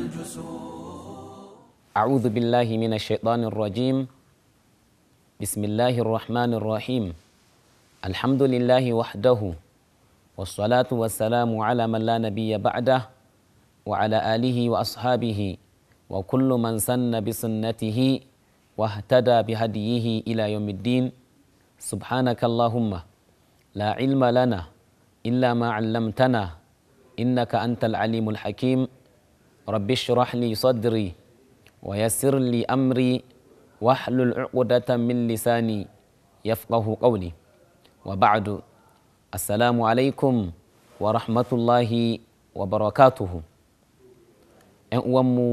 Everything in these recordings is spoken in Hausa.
الجسور أعوذ بالله من الشيطان الرجيم بسم الله الرحمن الرحيم الحمد لله وحده والصلاة والسلام على من لا نبي بعده وعلى آله وأصحابه وكل من سن بسنته واهتدى بهديه إلى يوم الدين سبحانك اللهم لا علم لنا إلا ما علمتنا إنك أنت العليم الحكيم رب اشرح لي صدري ويسر لي أمري واحلل عقدة من لساني يفقه قولي وبعد السلام عليكم ورحمة الله وبركاته إن uwanmu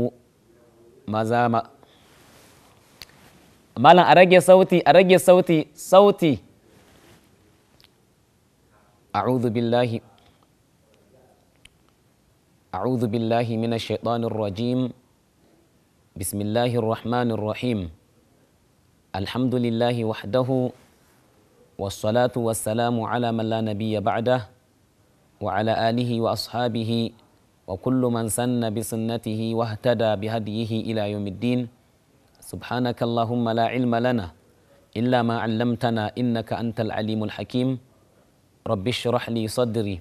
maza مالا أرجي صوتي أرجي صوتي صوتي أعوذ بالله أعوذ بالله من الشيطان الرجيم بسم الله الرحمن الرحيم الحمد لله وحده والصلاة والسلام على من لا نبي بعده وعلى آله وأصحابه وكل من سن بسنته واهتدى بهديه إلى يوم الدين سبحانك اللهم لا علم لنا إلا ما علمتنا إنك أنت العليم الحكيم رب اشرح لي صدري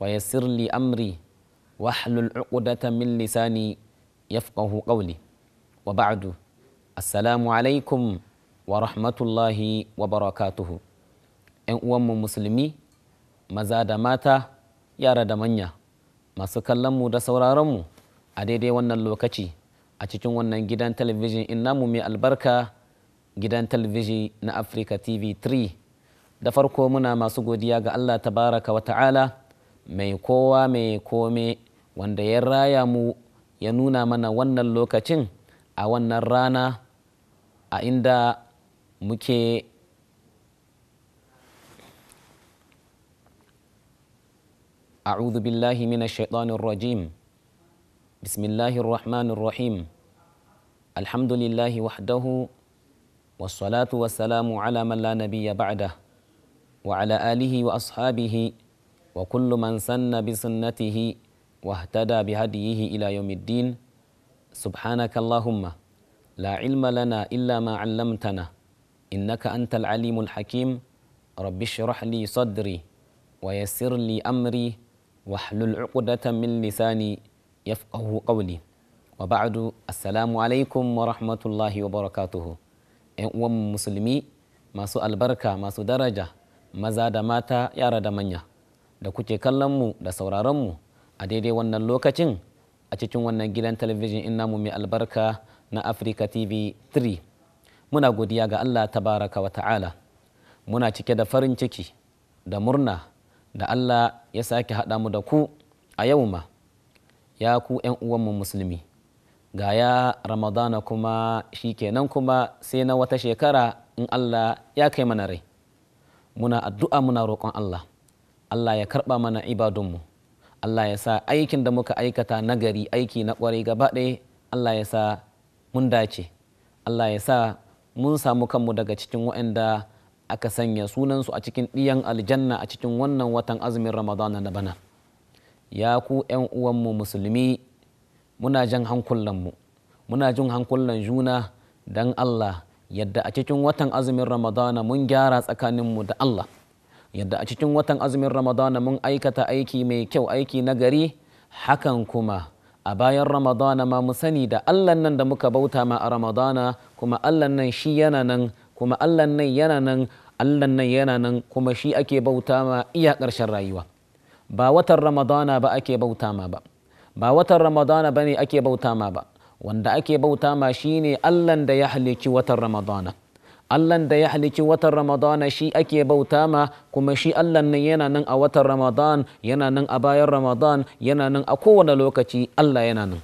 ويسر لي أمري واحلل عقدة من لساني يفقه قولي وبعد السلام عليكم ورحمة الله وبركاته ‘yan uwanmu musulmi maza da mata yara da manya masu kallonmu da sauraronmu a daidai wannan lokaci a cikin wannan gidan talabijin in namu mai albarka gidan talabijin na tv 3 da farko muna masu godiya ga allah tabaraka wa mai kowa mai wanda ya raya mu ya nuna mana wannan lokacin a wannan rana a inda muke أعوذ بالله من الشيطان الرجيم بسم الله الرحمن الرحيم الحمد لله وحده والصلاة والسلام على من لا نبي بعده وعلى آله وأصحابه وكل من سن بسنته واهتدى بهديه إلى يوم الدين سبحانك اللهم لا علم لنا إلا ما علمتنا إنك أنت العليم الحكيم رب اشرح لي صدري ويسر لي أمري واحلل عقدة من لساني يفقه قولي وبعد السلام عليكم ورحمة الله وبركاته ‘yan musulmi masu albarka masu daraja maza da mata yara da manya da kuke kallon mu da sauraron mu a daidai wannan lokacin a cikin wannan gidan talabijin in mu mai albarka na Africa TV 3. Muna godiya ga Allah tabaraka wa ta'ala. Muna cike da farin ciki da murna da Allah ya sake haɗa mu da ku a yau ma. Ya ku 'yan uwanmu musulmi. Ga ya Ramadana kuma shi kenan kuma sai na wata shekara in Allah ya kai mana rai. Muna addu'a muna roƙon Allah. Allah ya karɓa mana ibadunmu. Allah ya sa aikin da muka aikata nagari aiki na kwarai gaba ɗaya Allah ya sa mun dace Allah ya sa mun samu kanmu daga cikin waɗanda aka sanya sunansu a cikin ɗiyan aljanna a cikin wannan watan azumin ramadana na bana ya ku 'yan uwanmu musulmi muna jan hankulanmu muna jin hankulan juna don Allah yadda a cikin watan azumin ramadana mun gyara tsakaninmu da Allah yadda a cikin watan azumin ramadana mun aikata aiki mai kyau aiki na gari hakan kuma a bayan ramadana ma mu sani da allah nan da muka bauta ma a ramadana kuma allah nan shi yana nan kuma allah nan yana nan allah nan yana nan kuma shi ake bauta ma iya ƙarshen rayuwa ba watan ramadana ba ake bauta ma ba ba watan ramadana ba ne ake bauta ma ba wanda ake bauta ma shine allah da ya halici watan ramadana Allahn da ya halici watan Ramadana shi ake bauta ma kuma shi Allah nan yana nan a watan Ramadan yana nan a bayan Ramadan yana nan a kowane lokaci Allah yana nan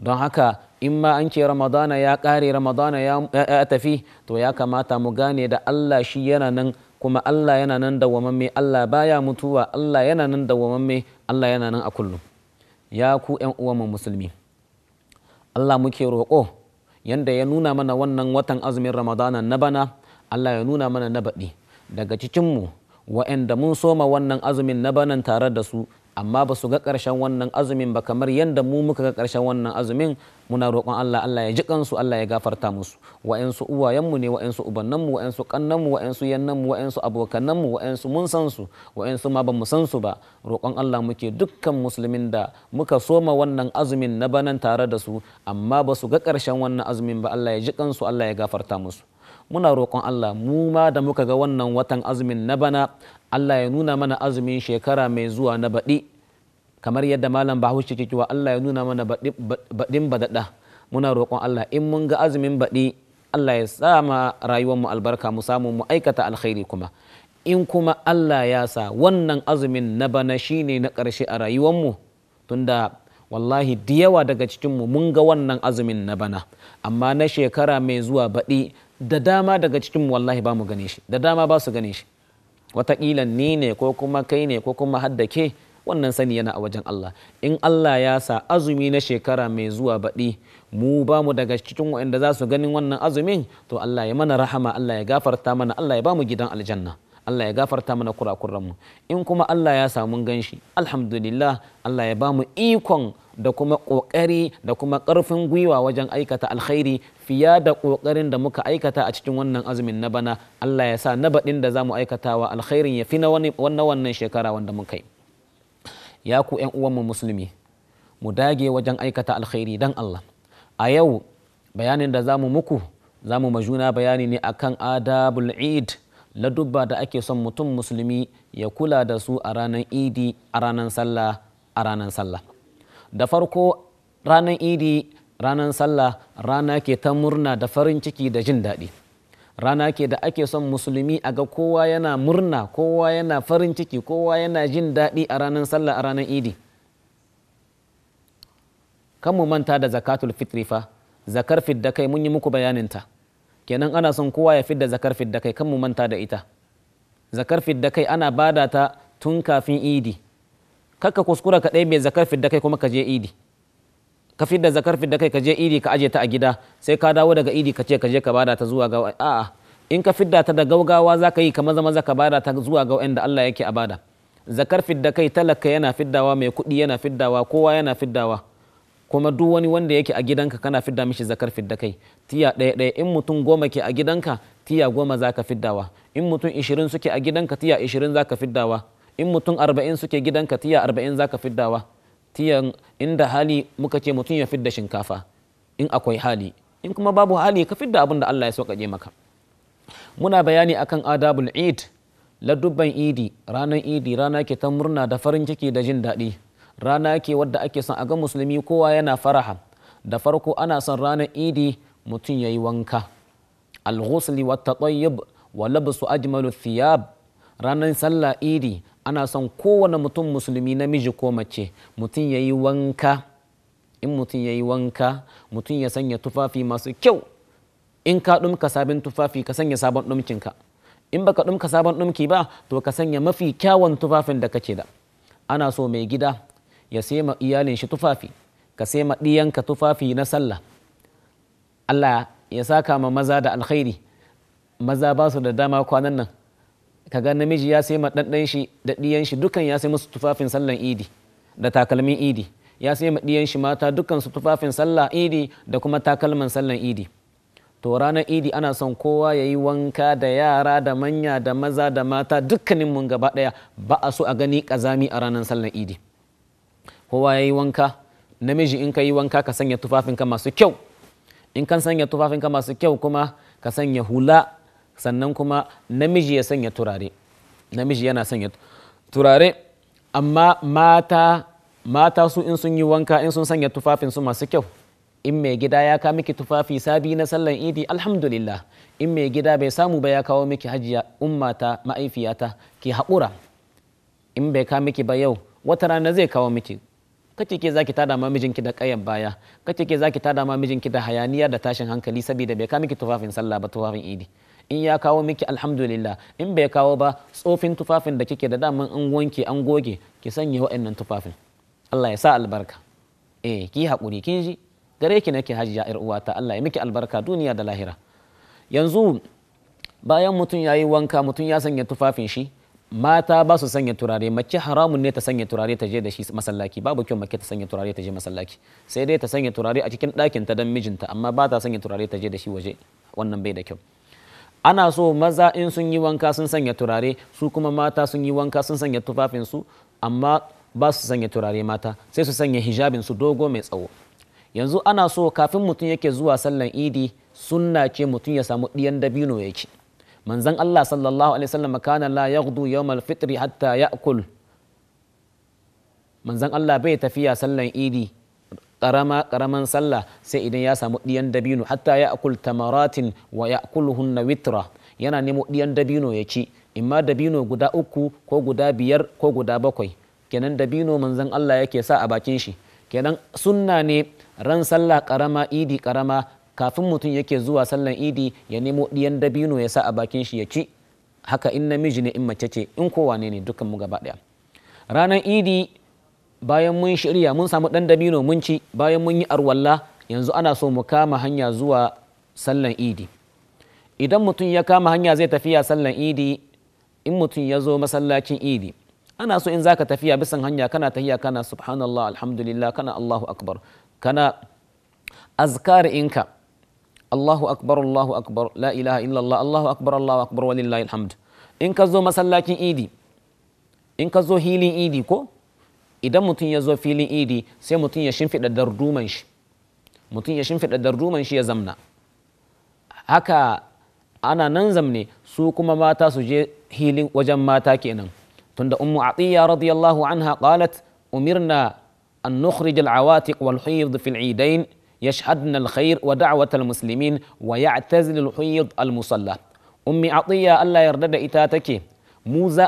don haka in ma an ce Ramadana ya ƙare Ramadana ya tafi to ya kamata mu gane da Allah shi yana nan kuma Allah yana nan dawwamamme Allah baya mutuwa Allah yana nan dawwamamme Allah yana nan a kullum ya ku ƴan uwan musulmi Allah muke roƙo yanda ya nuna mana wannan watan azumin ramadana na bana Allah ya nuna mana na baɗi daga cikinmu wa'anda mun soma wannan azumin na banan tare da su amma ba su ga ƙarshen wannan azumin ba kamar yadda mu muka ga ƙarshen wannan azumin muna roƙon Allah Allah ya ji kansu Allah ya gafarta musu wa'ansu uwayenmu ne wa'ansu ubannanmu wa'ansu kannanmu wa'ansu yannanmu wa'ansu abokananmu wa'ansu mun san su wa'ansu ma bamu san su ba roƙon Allah muke dukkan musulmin da muka soma wannan azumin na banan tare da su amma ba su ga ƙarshen wannan azumin ba Allah ya ji kansu Allah ya gafarta musu muna roƙon Allah mu ma da muka ga wannan watan azumin na bana Allah ya nuna mana azumin shekara mai zuwa na baɗi kamar yadda malam bahaushe ke cewa Allah ya nuna mana baɗin baɗaɗa muna roƙon Allah in mun ga azumin baɗi Allah ya sa ma rayuwar mu albarka mu samu mu aikata alkhairi kuma in kuma Allah ya sa wannan azumin na bana shine na ƙarshe a rayuwar mu tunda wallahi da yawa daga cikin mu mun ga wannan azumin na bana amma na shekara mai zuwa baɗi da dama daga cikin wallahi ba mu gane shi da dama ba su gane shi wataƙila ni ne ko kuma kai ne ko kuma hadda ke wannan sani yana a wajen Allah in Allah ya sa azumi na shekara mai zuwa baɗi mu ba mu daga cikin waɗanda za su ganin wannan azumin to Allah ya mana rahama Allah ya gafarta mana Allah ya ba mu gidan aljanna Allah ya gafarta mana kurakuran mu in kuma Allah ya sa mun ganshi alhamdulillah Allah ya ba mu ikon da kuma ƙoƙari da kuma ƙarfin gwiwa wajen aikata alkhairi fiya da ƙoƙarin da muka aikata a cikin wannan azumin na bana Allah ya sa na baɗin da za mu aikatawa alkhairin ya fi na wannan shekara wanda mun kai. ya ku ‘yan uwanmu musulmi mu dage wajen aikata alkhairi don Allah a yau bayanin da zamu muku zamu majuna bayani ne akan adabul eid ladubba da ake son mutum musulmi ya kula da su a ranar idi a ranar sallah a ranar sallah da farko ranar idi ranar sallah rana ke ta murna da farin ciki da jin daɗi rana ke da ake son musulmi a ga kowa yana murna kowa yana farin ciki kowa yana jin daɗi a ranar sallah a ranar idi kan mu manta da zakatul fitri fa zakar fidda kai mun yi muku bayaninta kenan ana son kowa ya fidda zakar fidda kai kan mu manta da ita zakar fidda kai ana bada ta tun kafin idi kakka kuskura ka ɗaya mai zakar fidda kai kuma ka je idi ka fidda zakar fidda kai ka je idi ka aje ta a gida sai ka dawo daga idi ka ce ka je ka bada ta zuwa ga a'a in ka fidda ta da gaugawa za ka yi kamar zama za ka bada ta zuwa ga wanda Allah yake a bada zakar fidda kai talaka yana fiddawa mai kuɗi yana fiddawa kowa yana fiddawa kuma duk wani wanda yake a gidanka kana fidda mishi zakar fidda kai tiya ɗaya ɗaya in mutum goma ke a gidanka tiya goma za ka fiddawa in mutum ishirin suke a gidanka tiya ishirin za ka fiddawa in mutum arba'in suke gidanka tiya arba'in za ka fiddawa tiyan inda hali muka ce mutum ya fidda shinkafa in akwai hali in kuma babu hali ka da abin da Allah ya sauƙaƙe maka muna bayani akan adabul eid ladubban idi ranar idi rana ke ta murna da farin ciki da jin daɗi rana ke wadda ake son a ga musulmi kowa yana faraha da farko ana son ranar idi mutum ya yi wanka alghusli wa tatayyub wa labsu ajmalu thiyab ranar sallah idi ana son kowane mutum musulmi namiji ko mace mutum ya yi wanka in mutum ya yi wanka mutum ya sanya tufafi masu kyau in ka ɗumka sabon tufafi ka sanya sabon ɗumkinka in baka ɗumka sabon ɗumki ba to ka sanya mafi kyawun tufafin da kake da ana so mai gida ya sema iyalin shi tufafi ka sema ɗiyanka tufafi na sallah Allah ya saka ma maza da alkhairi maza ba su da dama kwanan nan kaga namiji ya sai ma ɗanɗan shi da ɗiyan shi dukan ya sai musu tufafin sallan idi da takalmin idi ya sai ma ɗiyan shi mata dukan su tufafin sallah idi da kuma takalman sallan idi to ranar idi ana son kowa ya yi wanka da yara da manya da maza da mata dukkanin mun gaba ɗaya ba a so a gani kazami a ranar sallan idi kowa ya yi wanka namiji in ka yi wanka ka sanya tufafin ka masu kyau in kan sanya tufafin ka masu kyau kuma ka sanya hula sannan kuma namiji ya sanya turare namiji yana sanya turare amma mata mata su in sun yi wanka in sun sanya tufafin su masu kyau in mai gida ya ka miki tufafi sabi na sallan idi alhamdulillah in mai gida bai samu ba ya kawo miki hajiya ummata ma'aifiyata ki haƙura in bai ka miki ba yau wata rana zai kawo miki kace ke zaki tada ma mijinki da kayan baya kace ke zaki tada ma mijinki da hayaniya da tashin hankali saboda bai ka miki tufafin sallah ba tufafin idi in ya kawo miki alhamdulillah in bai kawo ba tsofin tufafin da kike da daman an wanke an goge ki sanya wa'annan tufafin Allah ya sa albarka eh ki haƙuri kin ji gare ki nake hajiya yar uwata Allah ya miki albarka duniya da lahira yanzu bayan mutum yayi wanka mutum ya sanya tufafin shi mata ba su sanya turare mace haramun ne ta sanya turare ta je da shi masallaki babu kyau mace ta sanya turare ta je masallaki sai dai ta sanya turare a cikin ɗakin ta dan mijinta amma ba ta sanya turare ta je da shi waje wannan bai da kyau ana so maza in sun yi wanka sun sanya turare su kuma mata sun yi wanka sun sanya tufafinsu amma ba su sanya turare mata sai su sanya hijabin su dogo mai tsawo yanzu ana so kafin mutum yake zuwa sallan idi sunna ce mutum ya samu ɗiyan dabino ya ci manzon Allah sallallahu alaihi wasallam kana la yaghdu yawmal fitri hatta ya'kul manzan Allah bai tafiya sallan idi karama karaman sallah sai idan ya samu ɗiyan dabino hatta ya akul tamaratin wa ya na witra yana nemo ɗiyan dabino ya ci imma dabino guda uku ko guda biyar ko guda bakwai kenan dabino manzon Allah yake sa a bakin shi kenan sunna ne ran sallah karama idi karama kafin mutum yake zuwa sallan idi ya nemo ɗiyan dabino ya sa a bakin shi ya ci haka in namiji ne in mace ce in kowane ne dukan mu gaba ɗaya ranar idi bayan mun shirya mun samu ɗan dabino mun ci bayan mun yi arwalla yanzu ana so mu kama hanya zuwa sallan idi idan mutum ya kama hanya zai tafiya sallan idi in mutum ya zo masallacin idi ana so in zaka tafiya bisan hanya kana tahiya kana subhanallah alhamdulillah kana allahu akbar kana azkar inka allahu akbar allahu akbar la ilaha illallah allahu akbar allahu akbar walillahi alhamd in ka zo masallacin idi in ka zo hilin idi ko idan mutum ya zo filin idi sai mutum ya shimfiɗa darduman shi mutum ya shimfiɗa darduman shi ya zamna haka ana nan zamne su kuma mata su je hilin wajen mata kenan tunda ummu radiyallahu anha qalat umirna an nukhrij al-awatiq wal hayd fi al-idain يشهدن الخير ودعوة المسلمين ويعتزل الحيض المصلى أمي عطية الله يردد إتاتك موزا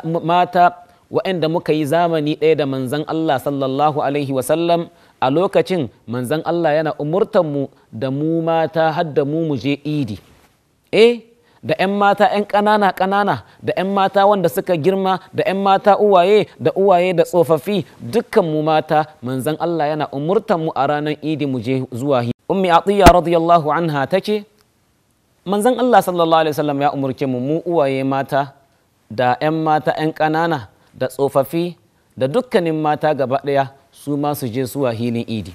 waɗanda muka yi zamani ɗaya da manzan Allah sallallahu alaihi wasallam a lokacin manzan Allah yana umurtanmu da mu mata har da mu muje idi eh da 'yan mata 'yan ƙanana ƙanana da 'yan mata wanda suka girma da 'yan mata uwaye da uwaye da tsofaffi dukkan mu mata manzan Allah yana mu a ranar idi mu je zuwa ummi atiya radiyallahu anha tace manzan Allah sallallahu alaihi wasallam ya umurce mu mu uwaye mata da 'yan mata 'yan ƙanana da tsofaffi da dukkanin mata gaba ɗaya su ma su je zuwa hilin idi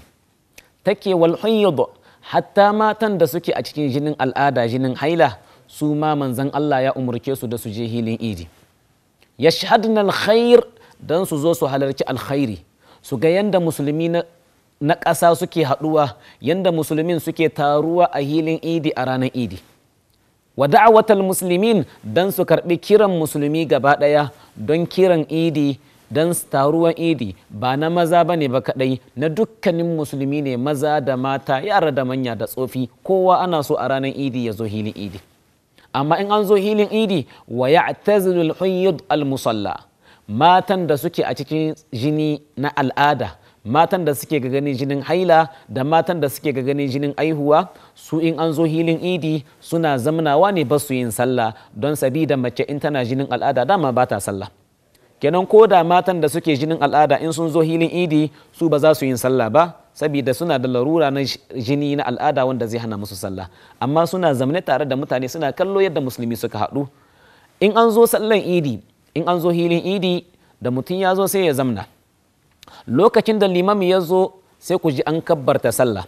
take walhunyadu hatta matan da suke a cikin jinin al'ada jinin haila su ma manzan Allah ya umurke su da su je hilin idi ya shahadun alkhair don su zo su halarci alkhairi su ga yanda musulmi na ƙasa suke haɗuwa yanda musulmin suke taruwa a hilin idi a ranar idi wa da'awatal muslimin dan su karbi kiran musulmi gaba daya don kiran idi don taruwan idi ba na maza ba ne ba kadai na dukkanin musulmi ne maza da mata yara da manya da tsofi kowa ana so a ranar idi ya zo hilin idi amma in an zo hilin idi wa ya'tazilul huyyud al musalla matan da suke a cikin jini na al'ada matan da suke ga ganin jinin haila da matan da suke ga ganin jinin aihuwa su in an zo hilin idi suna zamnawa ne ba su yin sallah don sabida mace in tana jinin al'ada dama ba ta sallah kenan ko da matan da suke jinin al'ada in sun zo hilin idi su ba za su yin sallah ba sabida suna da larura na jini na al'ada wanda zai hana musu sallah amma suna zamne tare da mutane suna kallo yadda musulmi suka haɗu in an zo sallan idi in an zo hilin idi da mutum ya zo sai ya zamna lokacin da limam ya zo sai ku ji an kabbarta sallah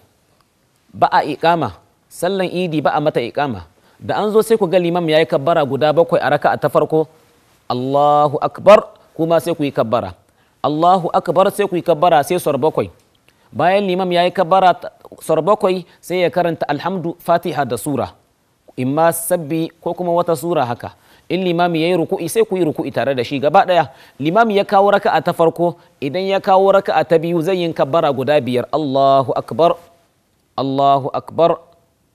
ba a iƙama sallan idi ba a mata iƙama da an zo sai ku ga limam ya yi kabbara guda bakwai a raka'a ta farko Allahu akbar kuma sai ku yi kabbara Allahu akbar sai ku yi kabbara sai sor bakwai bayan limam ya yi kabbara sor bakwai sai ya karanta alhamdu fatiha da sura imma sabbi ko kuma wata sura haka in limami ya yi ruku'i sai ku yi ruku'i tare da shi gaba ɗaya limami ya kawo raka a ta farko idan ya kawo raka a ta biyu zai yin kabbara guda biyar Allahu akbar Allahu akbar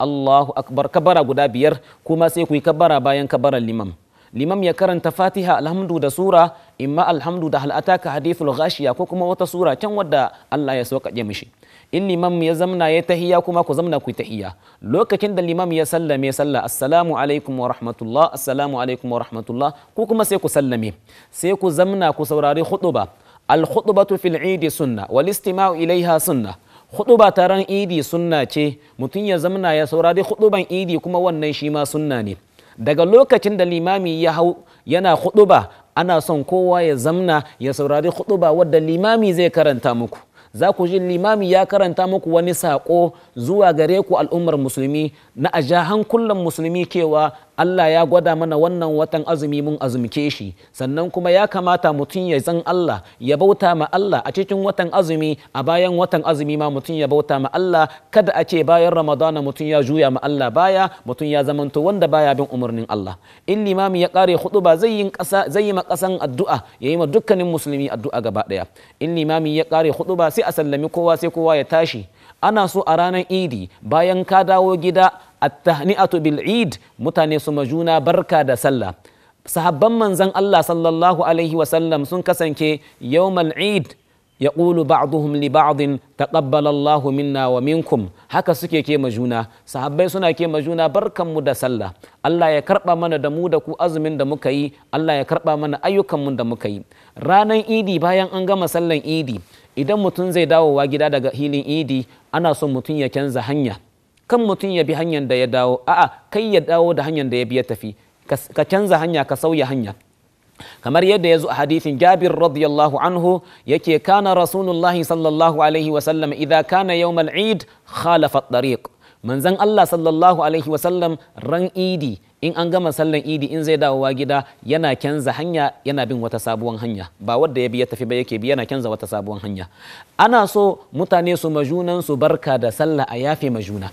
Allahu akbar kabbara guda biyar kuma sai ku yi kabbara bayan kabbaran limam limam ya karanta fatiha alhamdu da sura ima alhamdu da hal'ataka hadithul ghashiya ko kuma wata sura can wadda Allah ya sauƙaƙe mishi in limam ya zamna ya tahiya kuma ku zamna ku tahiya lokacin da limam ya sallame sallah assalamu alaikum wa rahmatullah assalamu alaikum wa rahmatullah ku kuma sai ku sallame sai ku zamna ku saurari huɗuba al khutbatu fil idi sunna wal istima'u ilaiha sunna khutuba taron idi sunna ce mutum ya zamna ya saurari khutuban idi kuma wannan shi ma sunna ne daga lokacin da limami ya hau yana khutuba ana son kowa ya zamna ya saurari khutuba wadda limami zai karanta muku za ku ji limami ya karanta muku wani saƙo zuwa gare ku al'ummar musulmi na aja hankulan musulmi kewa Allah ya gwada mana wannan watan azumi mun azumke shi sannan kuma ya kamata mutum ya san Allah ya bauta ma Allah a cikin watan azumi a bayan watan azumi ma mutum ya bauta ma Allah kada a ce bayan Ramadana mutum ya juya ma Allah baya mutum ya zamanto wanda baya bin umarnin Allah in limami ya kare huɗuba zai yi kasa zai yi ma kasan addu'a ya yi ma dukkanin musulmi addu'a gaba daya in limami ya kare huɗuba sai a sallami kowa sai kowa ya tashi ana so a ranar idi bayan ka dawo gida attahni'atu bil eid mutane su majuna barka da sallah sahabban manzan Allah sallallahu alaihi wasallam sun kasance yawmal eid يقول بعضهم لبعض تقبل الله منا ومنكم haka suke ke majuna sahabbai suna ke majuna barkanmu da sallah Allah ya karba mana da mu da ku azumin da muka yi Allah ya karba mana ayyukan mu da muka yi ranan idi bayan an gama sallan idi idan mutum zai dawowa gida daga hilin idi ana son mutum ya canza hanya kan mutum ya bi hanyar da ya dawo a'a kai ya dawo da hanyar da ya bi ya tafi ka canza hanya ka sauya hanya kamar yadda ya zo a hadithin jabir radiyallahu anhu yake kana rasulullahi sallallahu alaihi sallam. idha kana yawmal eid khalafa tariq manzon Allah sallallahu alaihi sallam ran idi in an gama sallan idi in zai dawowa gida yana canza hanya yana bin wata sabuwar hanya ba wadda ya bi ya tafi ba yake bi yana canza wata sabuwar hanya ana so mutane su majunan su barka da sallah a yafe majuna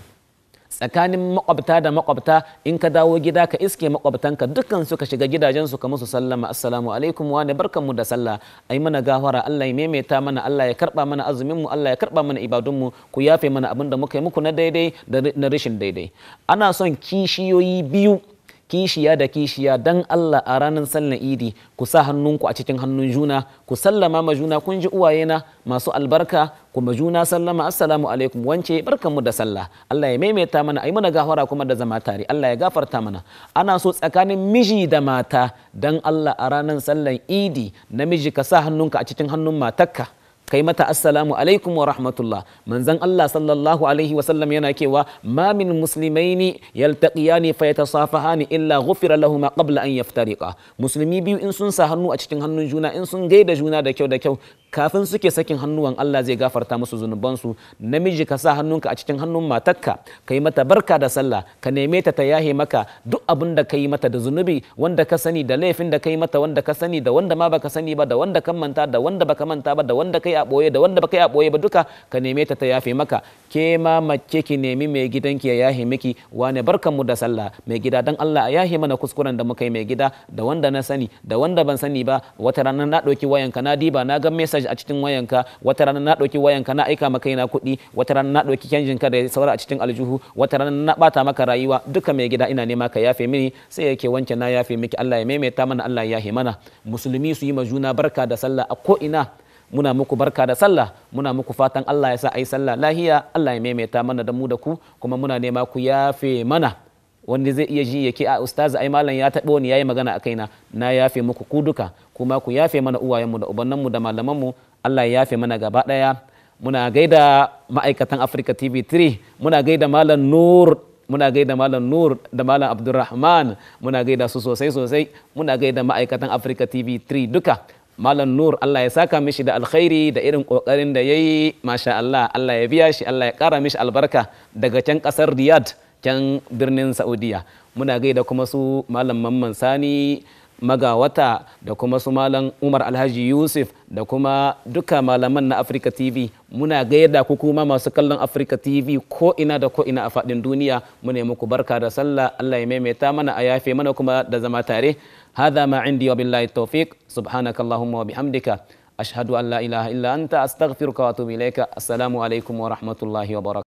tsakanin makwabta da makwabta in ka dawo gida ka iske makwabtanka dukkan su ka shiga su ka musu sallama assalamu alaikum wa barkanmu da sallah ai mana gafara Allah ya maimaita mana Allah ya karba mana azumin mu Allah ya karba mana ibadun mu ku yafe mana abin da muka yi muku na daidai da na rashin daidai ana son kishiyoyi biyu kishiya da kishiya dan Allah a ranar sallar idi ku sa hannunku a cikin hannun juna ku sallama ma juna kun ji uwayena masu albarka kuma juna sallama assalamu alaikum wance barkanmu da sallah Allah ya maimaita mana ayi mana gafara kuma da zama tare Allah ya gafarta mana ana so tsakanin miji da mata dan Allah a ranar sallar idi namiji ka sa hannunka a cikin hannun matarka kai mata assalamu alaikum wa rahmatullah manzon Allah sallallahu alaihi wa sallam yana cewa ma min muslimaini yaltaqiyani fayatasafahani illa ghufira lahuma qabla an yaftariqa musulmi biyu in sun sa hannu a cikin hannun juna in sun gaida juna da kyau da kyau kafin suke sakin hannuwan Allah zai gafarta musu zunubansu namiji ka sa hannunka a cikin hannun matarka ka yi mata barka da sallah ka neme ta ta yahe maka duk abin da ka yi mata da zunubi wanda ka sani da laifin da ka yi mata wanda ka sani da wanda ma baka sani ba da wanda ka manta da wanda baka manta ba da wanda kai a boye da wanda baka yi a boye ba duka ka neme ta ta yafe maka ke ma mace ki nemi mai gidanki ya yahe miki wane barkan mu da sallah mai gida dan Allah a yahe mana kuskuren da muka yi mai gida da wanda na sani da wanda ban sani ba wata rana na ɗauki wayanka na diba na ga me message a cikin wayanka wata rana na ɗauki wayanka na aika maka yana kuɗi wata rana na ɗauki ka da saura a cikin aljuhu wata rana na ɓata maka rayuwa duka mai gida ina nema ka yafe mini sai yake wanke na yafe miki Allah ya maimaita mana Allah ya yafe mana musulmi su yi ma juna barka da sallah a ko ina muna muku barka da sallah muna muku fatan Allah ya sa ai sallah lahiya Allah ya maimaita mana da mu da ku kuma muna nema ku yafe mana wanda zai iya ji yake a ustazi ai malam ya taɓo ni yayi magana a kaina na yafe muku ku duka kuma ku yafe mana uwayenmu da ubannanmu da malamanmu Allah ya yafe mana gaba ɗaya muna gaida ma'aikatan Africa TV 3 muna gaida malam Nur muna gaida malam Nur da malam Abdulrahman muna gaida su sosai sosai muna gaida ma'aikatan Africa TV 3 duka Malam Nur Allah ya saka mishi da alkhairi da irin kokarin da ya yi, masha Allah, Allah ya biya shi, Allah ya kara mishi albarka daga can kasar Riyadh. can birnin saudiya muna gaida kuma su malam mamman sani magawata da kuma su malam umar alhaji yusuf da kuma duka malaman na Africa tv muna gaida ku kuma masu kallon Africa tv ko ina da ko ina a fadin duniya mu ne muku barka da sallah allah ya maimaita mana a yafe mana kuma da zama tare hadha ma indi wa billahi tawfiq subhanaka allahumma wa bihamdika ashhadu an la ilaha illa anta astaghfiruka wa atubu ilaika assalamu alaikum wa rahmatullahi wa barakatuh